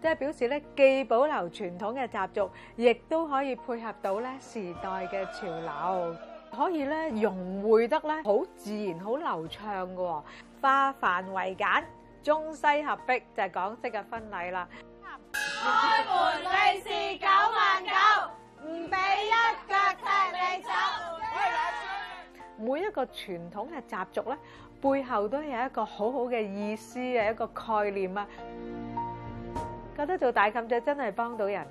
即係表示咧，既保留傳統嘅習俗，亦都可以配合到咧時代嘅潮流，可以咧融匯得咧好自然、好流暢嘅喎。化繁為簡，中西合璧就係港式嘅婚禮啦。開門利是九萬九，唔俾一腳踢你走。每一個傳統嘅習俗咧，背後都有一個好好嘅意思嘅一個概念啊！覺得做大妗姐真係幫到人，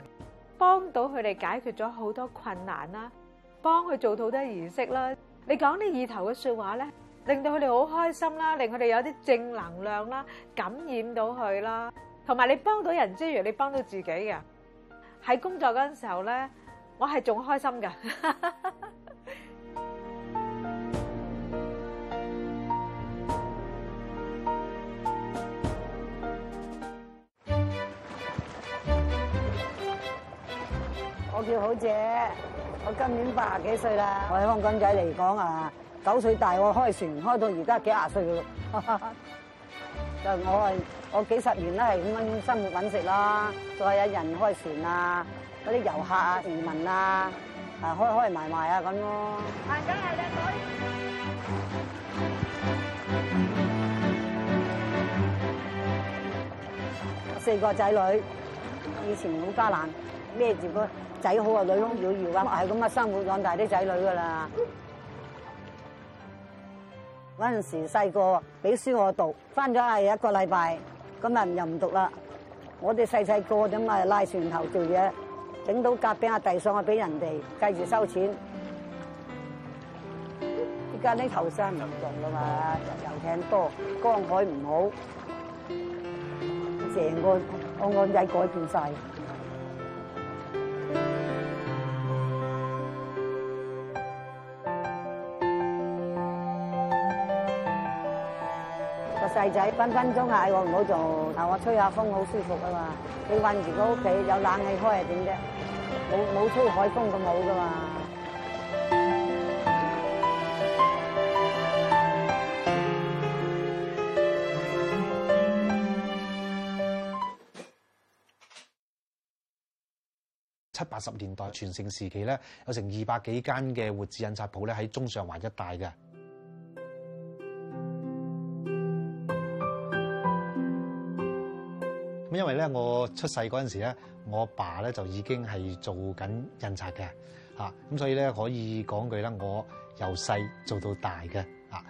幫到佢哋解決咗好多困難啦，幫佢做到好多儀式啦。你講啲意頭嘅說話咧，令到佢哋好開心啦，令佢哋有啲正能量啦，感染到佢啦。同埋你幫到人之餘，你幫到自己嘅。喺工作嗰陣時候咧，我係仲開心噶。 我叫好姐，我今年八啊幾歲啦。我喺香港仔嚟講啊，九歲大我開船，開到而家幾廿歲噶咯。就我係我幾十年都係咁樣生活揾食啦。再有人開船啊，嗰啲遊客啊、移民啊，啊開開埋埋啊咁咯。係，梗係靚女，四個仔女，以前好加難，孭住個。仔好啊，女翁耀耀啊，係咁啊，生活養大啲仔女噶啦。嗰陣時細個俾書我讀，翻咗係一個禮拜，咁啊又唔讀啦。我哋細細個咁啊拉船頭做嘢，整到甲艇阿弟上去俾人哋繼續收錢。依家呢頭生唔用啦嘛，遊艇多，江海唔好，成個香港仔改變晒。細仔分分鐘嗌我唔好做，但我吹下風好舒服啊嘛。你困住個屋企有冷氣開係點啫？冇冇吹海風咁好噶嘛？七八十年代全盛時期咧，有成二百幾間嘅活字印刷鋪咧，喺中上環一帶嘅。咁因為咧，我出世嗰陣時咧，我爸咧就已經係做緊印刷嘅，嚇咁所以咧可以講句咧，我由細做到大嘅，嚇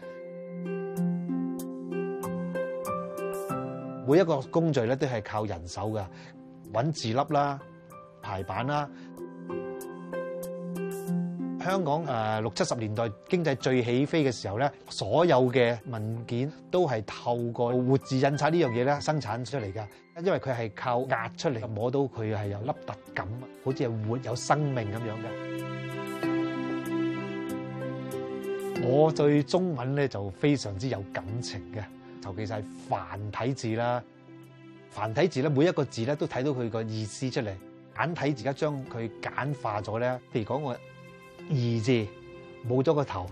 每一個工序咧都係靠人手嘅，揾字粒啦、排版啦。香港誒六七十年代經濟最起飛嘅時候咧，所有嘅文件都係透過活字印刷呢樣嘢咧生產出嚟㗎。因為佢係靠壓出嚟，摸到佢係有凹凸感，好似係活有生命咁樣嘅。我對中文咧就非常之有感情嘅，尤其是係繁體字啦。繁體字咧每一個字咧都睇到佢個意思出嚟，簡體而家將佢簡化咗咧。譬如講我，二字冇咗個頭，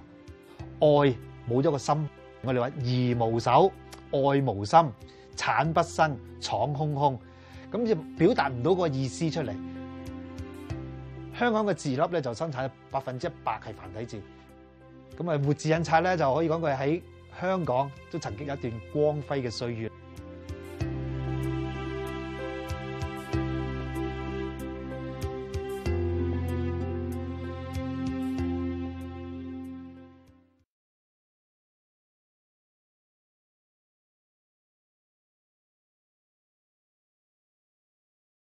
愛冇咗個心，我哋話義無首，愛無心，產不生，廠空空，咁就表達唔到個意思出嚟。香港嘅字粒咧就生產咗百分之一百係繁體字，咁啊活字印刷咧就可以講佢喺香港都曾經有一段光輝嘅歲月。